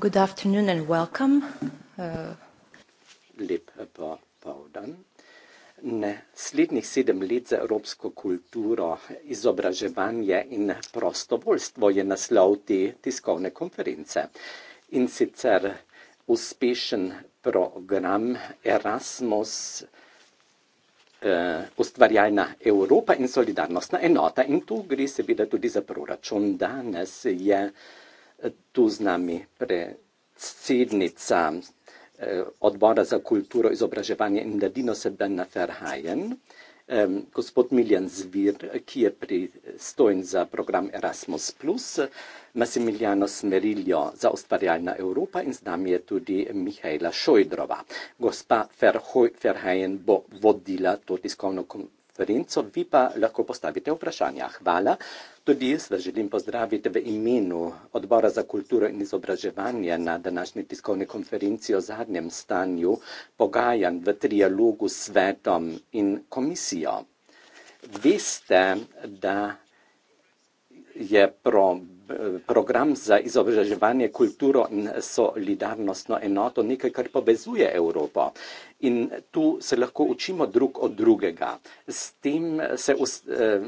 Good afternoon and welcome. Uh, Lep eh, popoldan. Naslednjih sedem let za evropsko kulturo, izobraževanje in prostovoljstvo je naslov te tiskovne konference. In sicer uspešen program Erasmus, eh, ustvarjalna Evropa in solidarnostna enota. In tu gre seveda tudi za proračun. Danes je tu z nami predsednica eh, odbora za kulturo, izobraževanje in mladino Sebena Ferhajen, gospod Miljan Zvir, ki je pristojen za program Erasmus+, Massimiliano Smerilio za ustvarjalna Evropa in z nami je tudi Mihajla Šojdrova. Gospa Ferhajen bo vodila to tiskovno konferenco konferenco, vi pa lahko postavite vprašanja. Hvala. Tudi jaz vas želim pozdraviti v imenu Odbora za kulturo in izobraževanje na današnji tiskovni konferenci o zadnjem stanju pogajanj v trialogu s svetom in komisijo. Veste, da je problem program za izobraževanje kulturo in solidarnostno enoto nekaj, kar povezuje Evropo. In tu se lahko učimo drug od drugega. S tem se eh,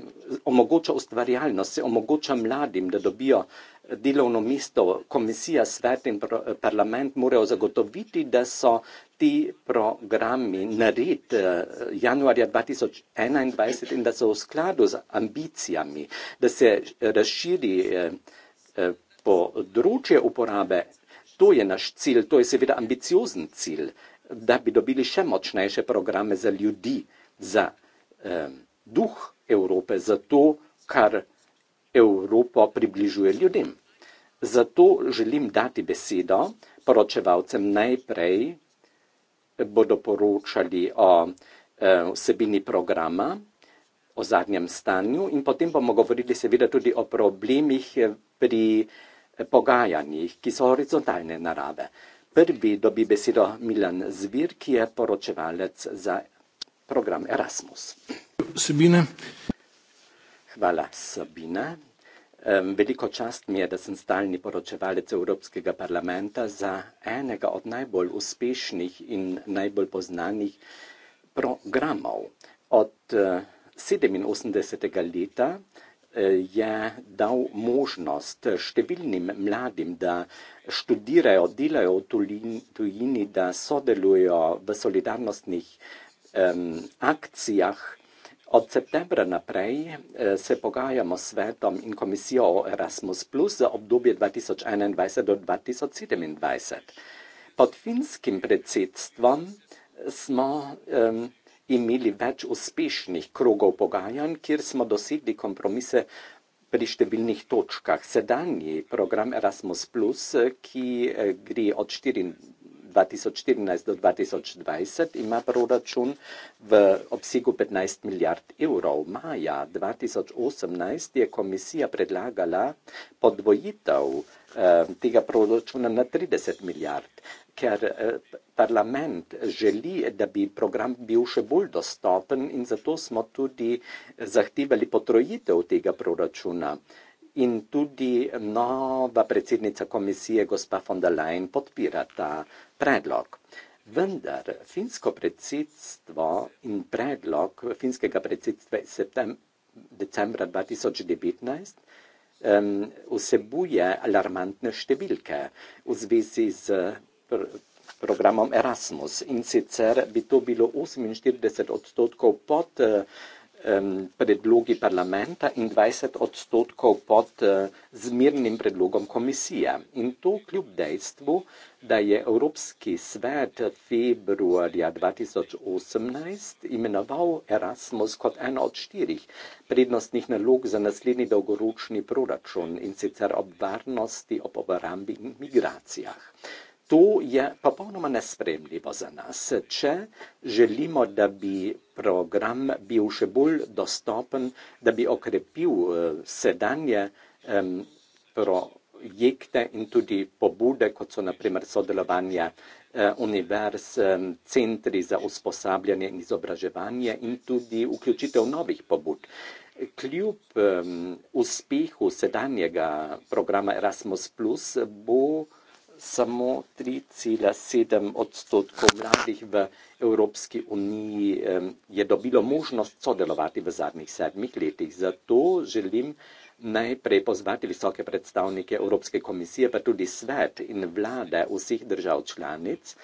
omogoča ustvarjalnost, se omogoča mladim, da dobijo eh, delovno mesto komisija, svet in parlament morajo zagotoviti, da so ti programi nared eh, januarja 2021 in da so v skladu z ambicijami, da se eh, razširi eh, področje uporabe. To je naš cilj, to je seveda ambiciozen cilj, da bi dobili še močnejše programe za ljudi, za duh Evrope, za to, kar Evropo približuje ljudem. Zato želim dati besedo poročevalcem najprej, bodo poročali o e, vsebini programa, o zadnjem stanju in potem bomo govorili seveda tudi o problemih pri pogajanjih, ki so horizontalne narave. Prvi dobi besedo Milan Zvir, ki je poročevalec za program Erasmus. Vsebine Hvala, Sabina. Veliko čast mi je, da sem stalni poročevalec Evropskega parlamenta za enega od najbolj uspešnih in najbolj poznanih programov. Od 87. Eh, leta eh, je dal možnost številnim mladim, da študirajo, delajo v tujini, da sodelujo v solidarnostnih akcijah, Od septembra naprej eh, se pogajamo s svetom in komisijo o Erasmus Plus za obdobje 2021 do 2027. Pod finskim predsedstvom eh, smo um, imeli več uspešnih krogov pogajanj, kjer smo dosegli kompromise pri številnih točkah. Sedanji program Erasmus Plus, eh, ki gre od 24. 2014 do 2020 ima proračun v obsegu 15 milijard evrov. Maja 2018 je komisija predlagala podvojitev eh, tega proračuna na 30 milijard, ker eh, parlament želi, da bi program bil še bolj dostopen in zato smo tudi zahtevali potrojitev tega proračuna in tudi nova predsednica komisije, gospa von der Leyen, podpira ta predlog. Vendar finsko predsedstvo in predlog finskega predsedstva iz decembra 2019 um, vsebuje alarmantne številke v zvezi z pr programom Erasmus. In sicer bi to bilo 48 odstotkov pod uh, predlogi ehm, torej parlamenta in 20 odstotkov pod eh, zmirnim predlogom komisije. In to kljub dejstvu, da je Evropski svet februarja 2018 imenoval Erasmus kot eno od štirih prednostnih nalog za naslednji dolgoročni proračun in sicer ob varnosti, ob obrambi in migracijah to je popolnoma nespremljivo za nas. Če želimo, da bi program bil še bolj dostopen, da bi okrepil eh, sedanje projekte in tudi pobude, kot so naprimer sodelovanje eh, univerz, centri za usposabljanje in izobraževanje in tudi vključitev novih pobud. Kljub uspehu sedanjega programa Erasmus, bo samo 3,7 odstotkov mladih v Evropski uniji je dobilo možnost sodelovati v zadnjih sedmih letih. Zato želim najprej pozvati visoke predstavnike Evropske komisije, pa tudi svet in vlade vseh držav članic,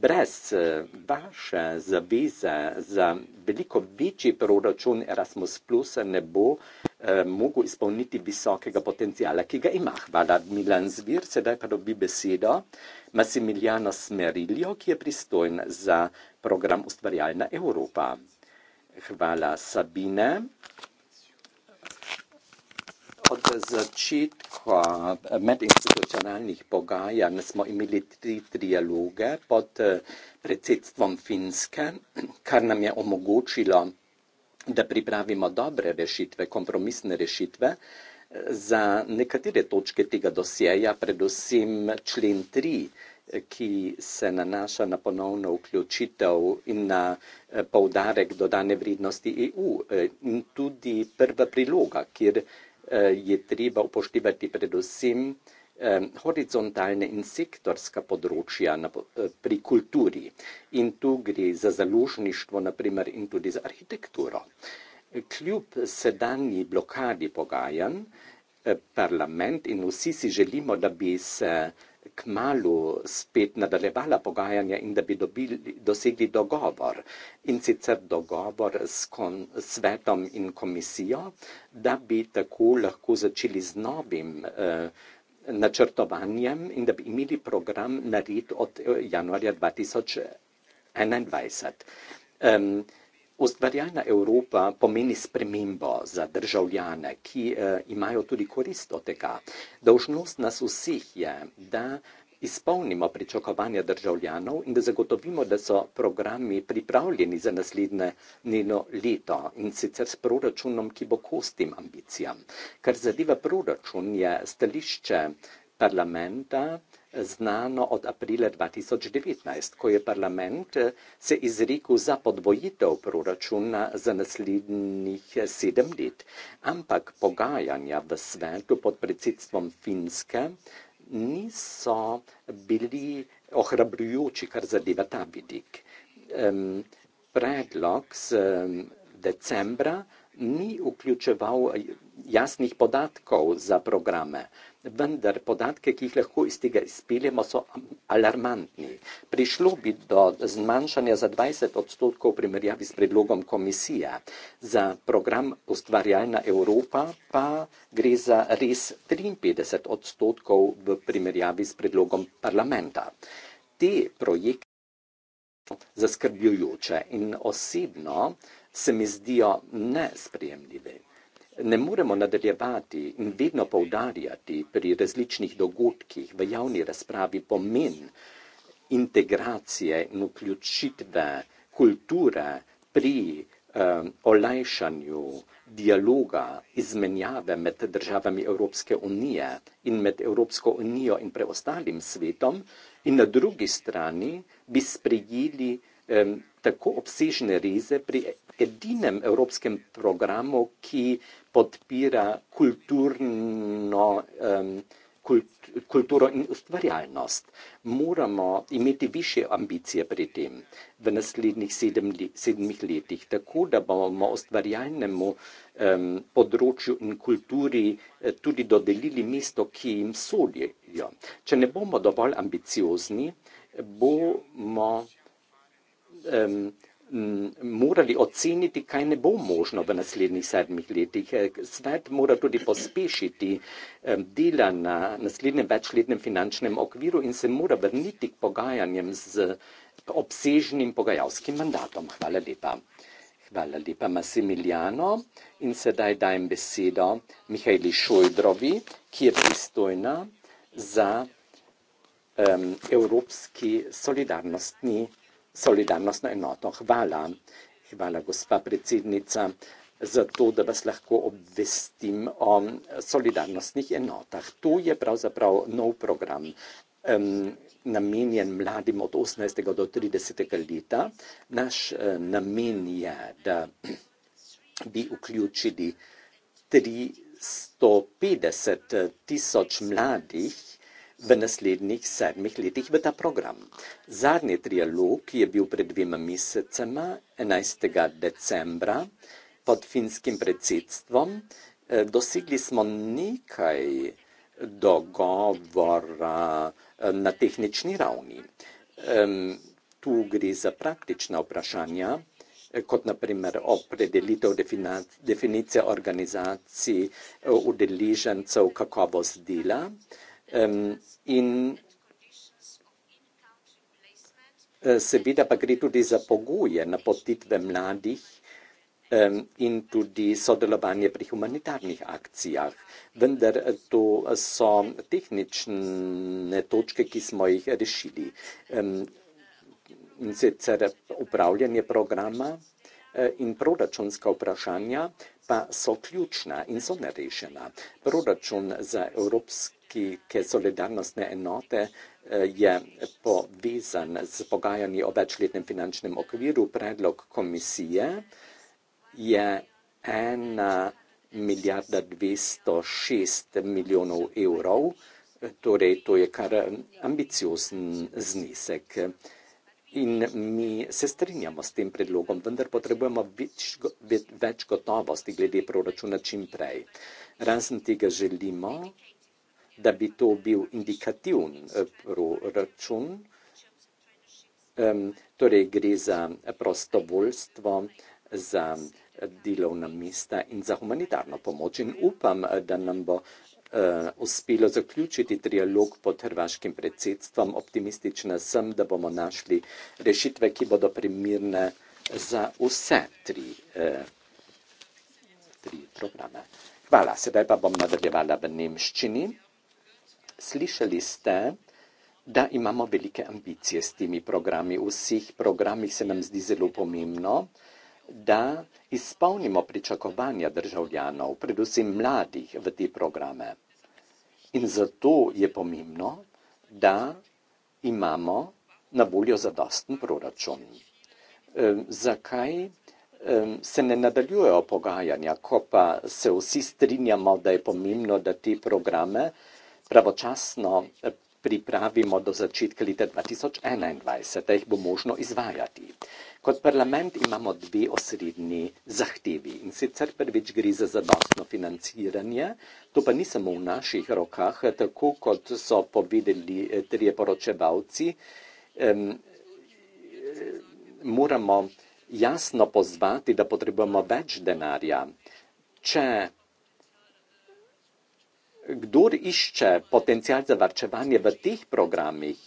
brez eh, vaše zaveze za veliko večji proračun Erasmus Plus ne bo eh, mogel izpolniti visokega potencijala, ki ga ima. Hvala, Milan Zvir, sedaj pa dobi besedo Massimiliano Smerilijo, ki je pristojen za program Ustvarjalna Evropa. Hvala, Sabine od začetka eh, medinstitucionalnih pogajanj smo imeli tri trialoge pod eh, predsedstvom Finske, kar nam je omogočilo, da pripravimo dobre rešitve, kompromisne rešitve eh, za nekatere točke tega dosjeja, predvsem člen 3, ki se nanaša na ponovno vključitev in na poudarek dodane vrednosti EU. In tudi prva priloga, kjer Eh, je treba upoštevati predvsem eh, horizontalne in sektorska področja eh, pri kulturi. In tu gre za založništvo, naprimer, in tudi za arhitekturo. Kljub sedanji blokadi pogajanj, parlament in vsi si želimo, da bi se kmalo spet nadaljevala pogajanja in da bi dobili, dosegli dogovor. In sicer dogovor s kon, svetom in komisijo, da bi tako lahko začeli z novim eh, načrtovanjem in da bi imeli program nared od eh, januarja 2021. Um, Ustvarjalna Evropa pomeni spremembo za državljane, ki eh, imajo tudi korist od tega. Dolžnost nas vseh je, da izpolnimo pričakovanja državljanov in da zagotovimo, da so programi pripravljeni za naslednje njeno leto in sicer s proračunom, ki bo kost tem ambicijam. Kar zadeva proračun, je stališče parlamenta znano od aprila 2019, ko je parlament eh, se izrekel za podvojitev proračuna za naslednjih sedem let. Ampak pogajanja v svetu pod predsedstvom Finske niso bili ohrabrujoči, kar zadeva ta vidik. Predlog z decembra ni vključeval jasnih podatkov za programe. Vendar podatke, ki jih lahko iz tega izpeljemo, so alarmantni. Prišlo bi do zmanjšanja za 20 odstotkov v primerjavi s predlogom komisije. Za program Ustvarjalna Evropa pa gre za res 53 odstotkov v primerjavi s predlogom parlamenta. Te projekte so zaskrbljujoče in osebno uh, se mi zdijo nesprejemljive. Ne moremo nadaljevati in vedno poudarjati pri različnih dogodkih v javni razpravi pomen integracije in vključitve kulture pri eh, olajšanju dialoga, izmenjave med državami Evropske unije in med Evropsko unijo in preostalim svetom in na drugi strani bi sprejeli eh, tako obsežne reze pri edinem evropskem programu, ki podpira kulturno, um, kult, kulturo in ustvarjalnost. Moramo imeti više ambicije pri tem v naslednjih sedem, sedmih letih, tako da bomo ustvarjalnemu um, področju in kulturi eh, tudi dodelili mesto, ki jim sodijo. Če ne bomo dovolj ambiciozni, bomo Ehm, morali oceniti, kaj ne bo možno v naslednjih sedmih letih. Eh, svet mora tudi pospešiti ehm, dela na naslednjem večletnem finančnem okviru in se mora vrniti k pogajanjem z obsežnim pogajalskim mandatom. Hvala lepa. Hvala lepa Massimiliano in sedaj dajem besedo Mihajli Šojdrovi, ki je pristojna za um, Evropski solidarnostni solidarnostno enoto. Hvala, hvala gospa predsednica, za to, da vas lahko obvestim o solidarnostnih enotah. To je pravzaprav nov program, um, namenjen mladim od 18. do 30. leta. Naš uh, namen je, da bi vključili 350 eh, tisoč mladih, v naslednjih sedmih letih v ta program. Zadnji trialog je bil pred dvema mesecema, 11. decembra, pod finskim predsedstvom. Eh, dosegli smo nekaj dogovora eh, na tehnični ravni. Tu gre za praktična vprašanja, eh, kot naprimer opredelitev definicije organizacij, udeležencev, kakovost dela in eh, seveda pa gre tudi za pogoje napotitve mladih in tudi sodelovanje pri humanitarnih akcijah. Vendar eh, to so tehnične točke, ki smo jih rešili. In sicer upravljanje programa eh, in proračunska vprašanja pa so ključna in so nerešena. Proračun za evropske ki, ki solidarnostne enote eh, je povezan z pogajanji o večletnem finančnem okviru. Predlog komisije je 1 milijarda 206 milijonov evrov, eh, torej to je kar ambiciozen znesek. In mi se strinjamo s tem predlogom, vendar potrebujemo več, več gotovosti glede proračuna čim prej. Razen tega želimo, da bi to bil indikativen eh, proračun. Um, torej gre za prostovoljstvo, za delovna mesta in za humanitarno pomoč. In upam, eh, da nam bo uh, uspelo zaključiti trialog pod hrvaškim predsedstvom. Optimistična sem, da bomo našli rešitve, ki bodo primirne za vse tri, uh, tri programe. Hvala, sedaj pa bom nadaljevala v nemščini slišali ste, da imamo velike ambicije s temi programi. V vseh programih se nam zdi zelo pomembno, da izpolnimo pričakovanja državljanov, predvsem mladih, v te programe. In zato je pomembno, da imamo na voljo zadosten proračun. Ehm, zakaj ehm, se ne nadaljujejo pogajanja, ko pa se vsi strinjamo, da je pomembno, da te programe pravočasno eh, pripravimo do začetka leta 2021, da jih bo možno izvajati. Kot parlament imamo dve osrednji zahtevi in sicer prvič gre za zadostno financiranje, to pa ni samo v naših rokah, eh, tako kot so povedali eh, trije poročevalci, um, moramo jasno pozvati, da potrebujemo več denarja. Če Kdor išče potencijal za varčevanje v teh programih,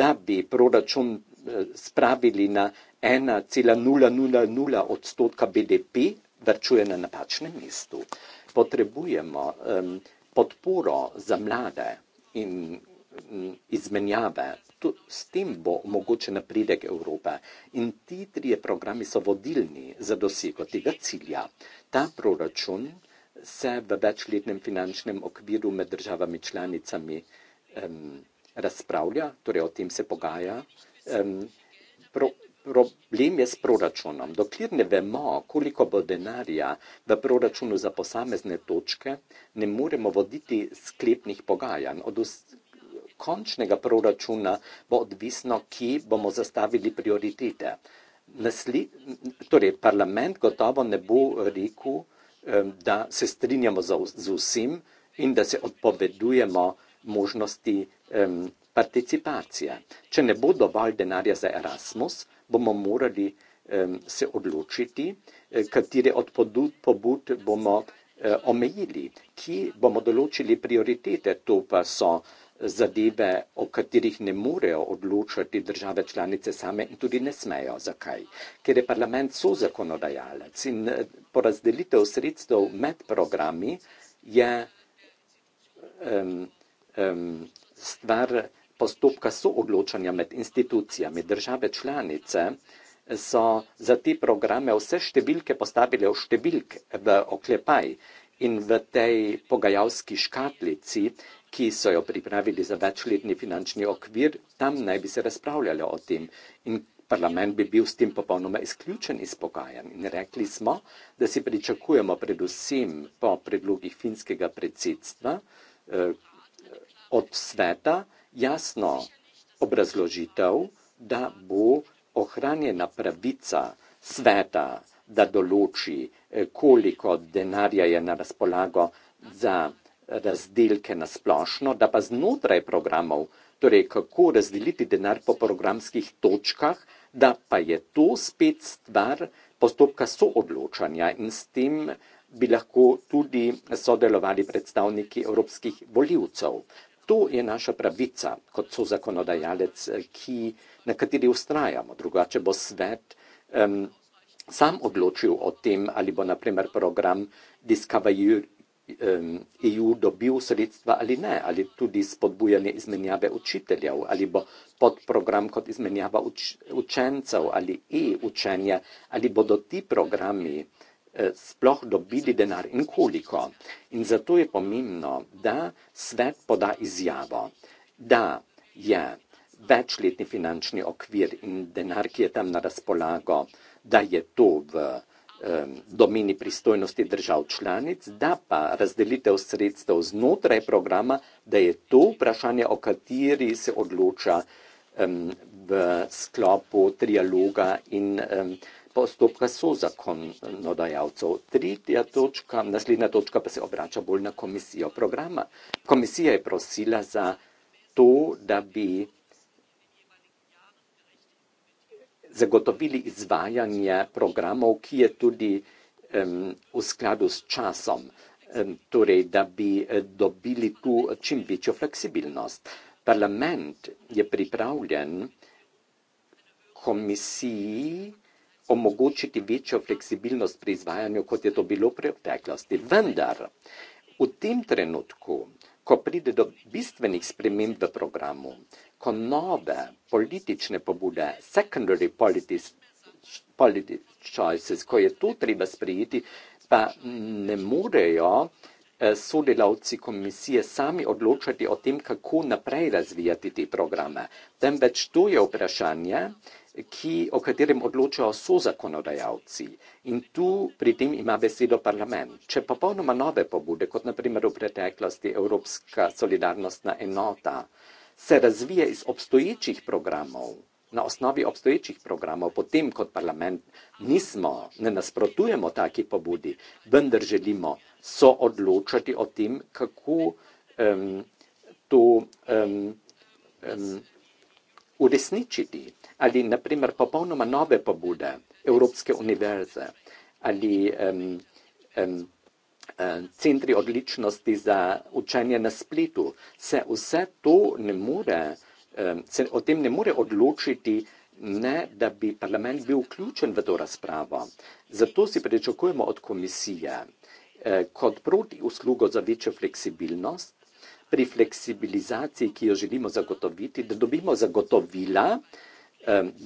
da bi proračun eh, spravili na 1,000 odstotka BDP, varčuje na napačnem mestu. Potrebujemo um, podporo za mlade in um, izmenjave. To, s tem bo omogočen napredek Evrope. In ti trije programi so vodilni za dosego tega cilja. Ta proračun se v večletnem finančnem okviru med državami članicami um, razpravlja, torej o tem se pogaja. Um, pro, problem je s proračunom. Dokler ne vemo, koliko bo denarja v proračunu za posamezne točke, ne moremo voditi sklepnih pogajanj. Od končnega proračuna bo odvisno, ki bomo zastavili prioritete. Nasli, torej, parlament gotovo ne bo rekel, da se strinjamo z vsem in da se odpovedujemo možnosti participacije. Če ne bo dovolj denarja za Erasmus, bomo morali se odločiti, eh, katere od pobud bomo eh, omejili, ki bomo določili prioritete, to pa so zadeve, o katerih ne morejo odločati države članice same in tudi ne smejo. Zakaj? Ker je parlament so zakonodajalec in eh, porazdelitev sredstev med programi je um, um, stvar postopka soodločanja med institucijami. Države članice so za te programe vse številke postavile v številk v oklepaj in v tej pogajalski škatlici ki so jo pripravili za večletni finančni okvir, tam naj bi se razpravljalo o tem in parlament bi bil s tem popolnoma izključen iz pogajanj. In rekli smo, da si pričakujemo predvsem po predlogih finskega predsedstva eh, od sveta jasno obrazložitev, da bo ohranjena pravica sveta, da določi, eh, koliko denarja je na razpolago za razdelke na splošno, da pa znotraj programov, torej kako razdeliti denar po programskih točkah, da pa je to spet stvar postopka soodločanja in s tem bi lahko tudi sodelovali predstavniki evropskih voljivcev. To je naša pravica, kot so zakonodajalec, ki, na kateri ustrajamo. Drugače bo svet um, sam odločil o tem, ali bo naprimer program Discovery EU e dobil sredstva ali ne, ali tudi spodbujanje izmenjave učiteljev, ali bo podprogram kot izmenjava uč učencev ali e-učenje, ali bodo ti programi eh, sploh dobili denar in koliko. In zato je pomembno, da svet poda izjavo, da je večletni finančni okvir in denar, ki je tam na razpolago, da je to v domeni pristojnosti držav članic, da pa razdelitev sredstev znotraj programa, da je to vprašanje, o kateri se odloča v sklopu trialoga in postopka so zakonodajalcev. Tretja točka, naslednja točka pa se obrača bolj na komisijo programa. Komisija je prosila za to, da bi zagotovili izvajanje programov, ki je tudi um, v skladu s časom, um, torej da bi eh, dobili tu čim večjo fleksibilnost. Parlament je pripravljen komisiji omogočiti večjo fleksibilnost pri izvajanju, kot je to bilo v preteklosti. Vendar v tem trenutku ko pride do bistvenih sprememb v programu, ko nove politične pobude, secondary politics, politics choices, ko je to treba sprejeti, pa ne morejo eh, sodelavci komisije sami odločati o tem, kako naprej razvijati te programe. Temveč to je vprašanje, ki, o katerem odločajo so zakonodajalci. In tu pri tem ima besedo parlament. Če popolnoma nove pobude, kot naprimer v preteklosti Evropska solidarnostna enota, se razvije iz obstoječih programov, na osnovi obstoječih programov, potem kot parlament nismo, ne nasprotujemo taki pobudi, vendar želimo so odločati o tem, kako um, to um, um, uresničiti ali naprimer popolnoma nove pobude Evropske univerze ali um, um, centri odličnosti za učenje na spletu, se vse to ne more, se o tem ne more odločiti, ne da bi parlament bil vključen v to razpravo. Zato si pričakujemo od komisije e, kot proti uslugo za večjo fleksibilnost pri fleksibilizaciji, ki jo želimo zagotoviti, da dobimo zagotovila,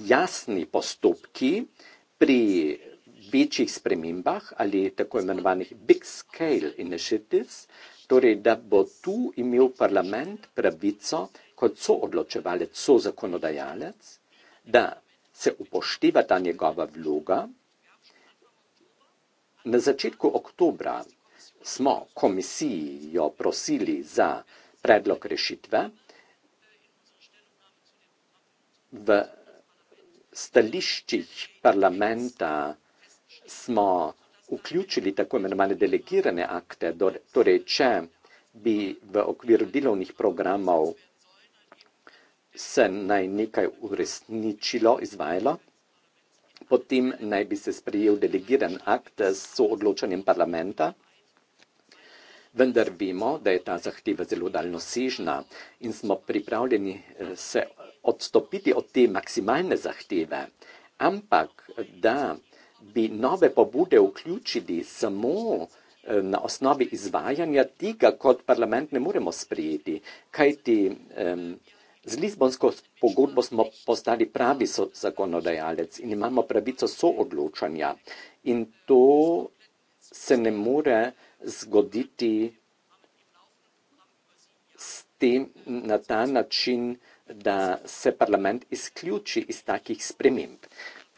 jasni postopki pri večjih spremembah ali tako imenovanih big scale initiatives, torej da bo tu imel parlament pravico kot so odločevalec, so zakonodajalec, da se upošteva ta njegova vloga. Na začetku oktobra smo komisiji jo prosili za predlog rešitve. V stališčih parlamenta smo vključili tako imenovane delegirane akte, torej če bi v okviru delovnih programov se naj nekaj uresničilo, izvajalo, potem naj bi se sprejel delegiran akt s odločanjem parlamenta, vendar vemo, da je ta zahteva zelo daljnosežna in smo pripravljeni eh, se odstopiti od te maksimalne zahteve, ampak da bi nove pobude vključili samo eh, na osnovi izvajanja tega, kot parlament ne moremo sprejeti, kajti um, z Lizbonsko pogodbo smo postali pravi so zakonodajalec in imamo pravico soodločanja. In to se ne more zgoditi s tem, na ta način, da se parlament izključi iz takih sprememb.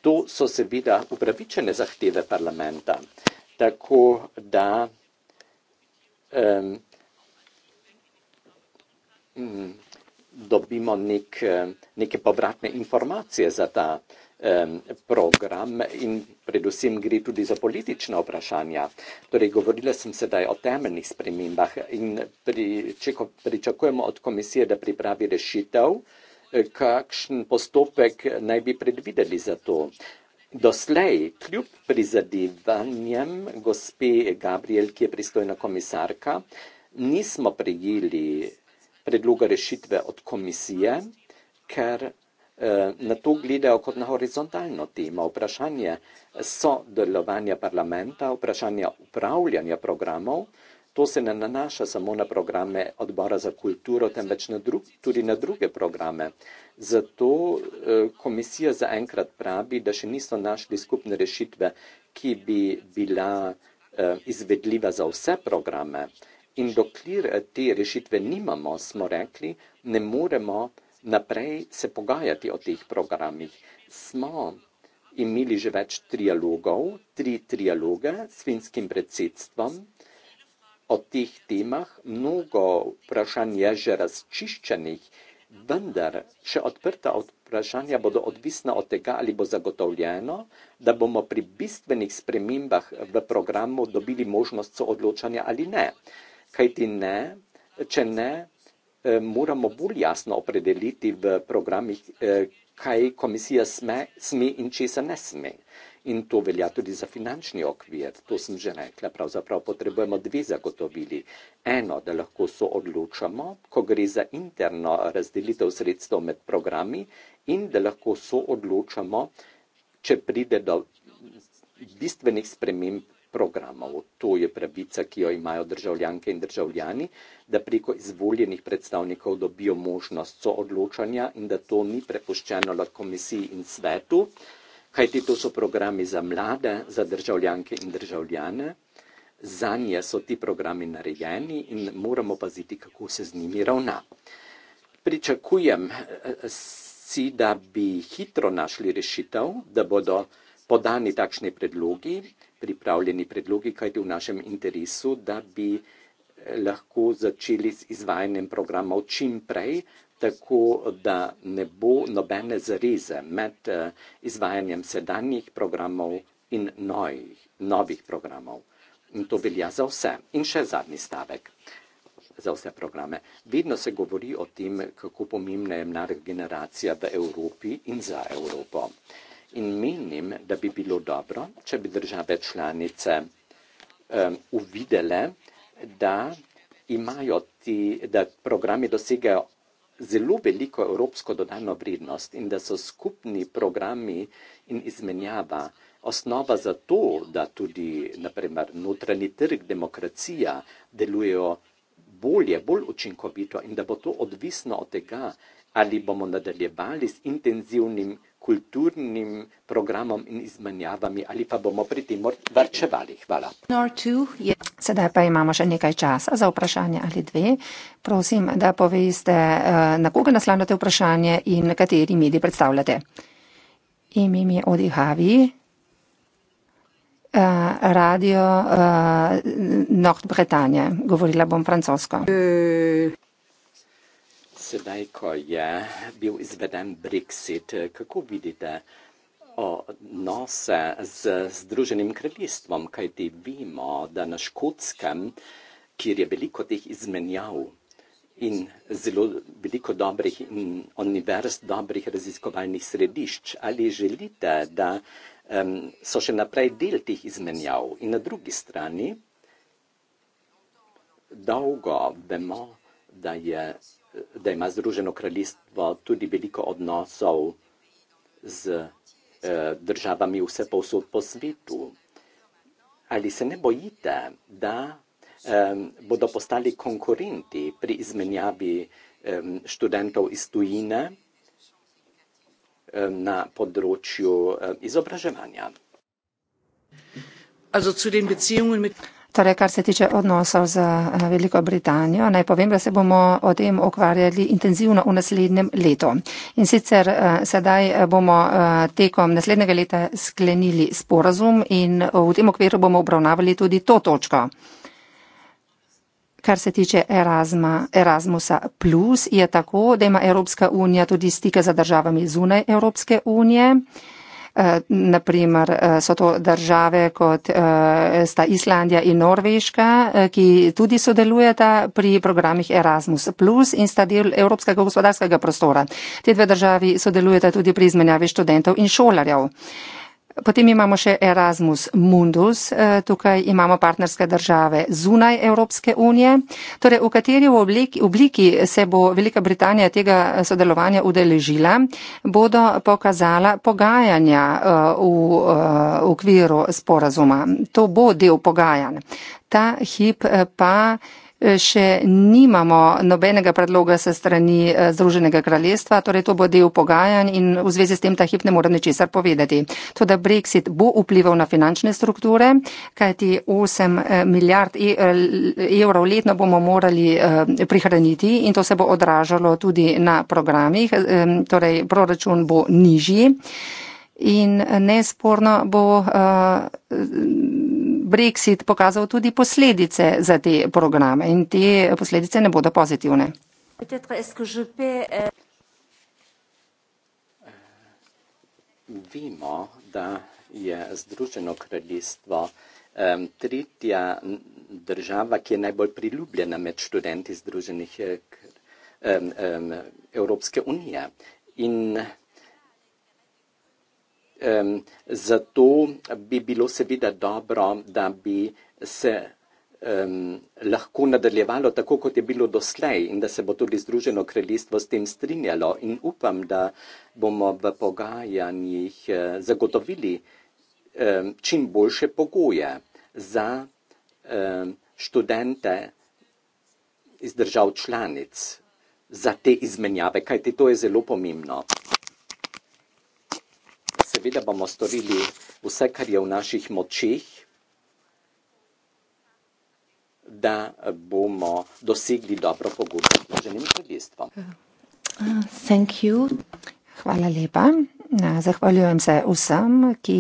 To so seveda upravičene zahteve parlamenta, tako da um, dobimo nek, neke povratne informacije za ta program in predvsem gre tudi za politična vprašanja. Torej, govorila sem sedaj o temeljnih spremembah in pri, čeko, pričakujemo od komisije, da pripravi rešitev, eh, kakšen postopek naj bi predvideli za to. Doslej, kljub prizadevanjem gospe Gabriel, ki je pristojna komisarka, nismo prijeli predloga rešitve od komisije, ker Eh, na to gledajo kot na horizontalno temo. Vprašanje sodelovanja parlamenta, vprašanje upravljanja programov, to se ne nanaša samo na programe odbora za kulturo, temveč na drug, tudi na druge programe. Zato eh, komisija zaenkrat pravi, da še niso našli skupne rešitve, ki bi bila eh, izvedljiva za vse programe. In dokler te rešitve nimamo, smo rekli, ne moremo naprej se pogajati o teh programih. Smo imeli že več trialogov, tri trialoge s finskim predsedstvom o teh temah. Mnogo vprašanj je že razčiščenih, vendar še odprta vprašanja bodo odvisna od tega, ali bo zagotovljeno, da bomo pri bistvenih spremembah v programu dobili možnost soodločanja ali ne. Kajti ne, če ne, Eh, moramo bolj jasno opredeliti v programih, eh, kaj komisija sme, sme in česa ne sme. In to velja tudi za finančni okvir, to sem že rekla. Pravzaprav potrebujemo dve zagotovili. Eno, da lahko so odločamo, ko gre za interno razdelitev sredstev med programi, in da lahko so odločamo, če pride do bistvenih sprememb programov. To je pravica, ki jo imajo državljanke in državljani, da preko izvoljenih predstavnikov dobijo možnost soodločanja in da to ni prepuščeno le komisiji in svetu, kajti to so programi za mlade, za državljanke in državljane. Za nje so ti programi narejeni in moramo paziti, kako se z njimi ravna. Pričakujem eh, si, da bi hitro našli rešitev, da bodo podani takšni predlogi, pripravljeni predlogi, kajti v našem interesu, da bi eh, lahko začeli z izvajanjem programov čim prej, tako da ne bo nobene zareze med eh, izvajanjem sedanjih programov in novih, novih programov. In to velja za vse. In še zadnji stavek za vse programe. Vedno se govori o tem, kako pomembna je mlada generacija v Evropi in za Evropo. Uh, In menim, da bi bilo dobro, če bi države članice um, uvidele, da imajo ti, da programi dosegajo zelo veliko evropsko dodano vrednost in da so skupni programi in izmenjava osnova za to, da tudi, naprimer, notranji trg, demokracija delujejo bolje, bolj učinkovito in da bo to odvisno od tega, ali bomo nadaljevali s intenzivnim kulturnim programom in izmenjavami ali pa bomo pri tem vrčevali. Hvala. Sedaj pa imamo še nekaj časa za vprašanje ali dve. Prosim, da poveste, eh, na koga naslanjate vprašanje in kateri mediji predstavljate. Ime mi je Odi Havi, eh, radio eh, Nord Bretanje. Govorila bom francosko. E sedaj, ko je bil izveden Brexit, kako vidite odnose z Združenim kraljestvom, kajti vemo, da na Škotskem, kjer je veliko teh izmenjav in zelo veliko dobrih univerz, dobrih raziskovalnih središč, ali želite, da um, so še naprej del teh izmenjav in na drugi strani dolgo vemo, da je da ima Združeno kraljestvo tudi veliko odnosov z eh, državami vse povsod po svetu. Ali se ne bojite, da bodo postali konkurenti pri izmenjavi študentov iz tujine na področju izobraževanja? Also zu den Beziehungen mit Torej, kar se tiče odnosov z eh, Veliko Britanijo, naj povem, da se bomo o tem ukvarjali intenzivno v naslednjem letu. In sicer eh, sedaj eh, bomo tekom naslednjega leta sklenili sporazum in v tem okviru bomo obravnavali tudi to točko. Kar se tiče Erasma, Erasmusa, plus, je tako, da ima Evropska unija tudi stike z državami zunaj Evropske unije naprimer eh, so to države kot eh, sta Islandija in Norveška, eh, ki tudi sodelujeta pri programih Erasmus Plus in sta del Evropskega gospodarskega prostora. Te dve državi sodelujeta tudi pri izmenjavi študentov in šolarjev. Potem imamo še Erasmus Mundus, eh, tukaj imamo partnerske države zunaj Evropske unije. Torej, v kateri obliki, obliki se bo Velika Britanija tega eh, sodelovanja udeležila, bodo pokazala pogajanja eh, v, v okviru sporazuma. To bo del pogajanj. Ta hip pa. E, še nimamo nobenega predloga se strani e, Združenega kraljestva, torej to bo del pogajanj in v zvezi s tem ta hip ne mora ničesar povedati. To, da Brexit bo vplival na finančne strukture, kajti 8 e, milijard evrov letno bomo morali prihraniti in to se bo odražalo tudi na programih, torej proračun bo nižji. In nesporno bo uh, Brexit pokazal tudi posledice za te programe in te posledice ne bodo pozitivne. Euh, Vemo, da je Združeno kraljestvo tretja država, ki je najbolj priljubljena med študenti Združenih Evropske unije. In zato bi bilo seveda dobro, da bi se um, lahko nadaljevalo tako, kot je bilo doslej in da se bo tudi Združeno kraljestvo s tem strinjalo. In upam, da bomo v pogajanjih eh, zagotovili um, čim boljše pogoje za um, študente iz držav članic za te izmenjave, kajti to je zelo pomembno seveda bomo storili vse, kar je v naših močih, da bomo dosegli dobro pogodbo. Želim prijestvo. Thank you. Hvala lepa. Zahvaljujem se vsem, ki...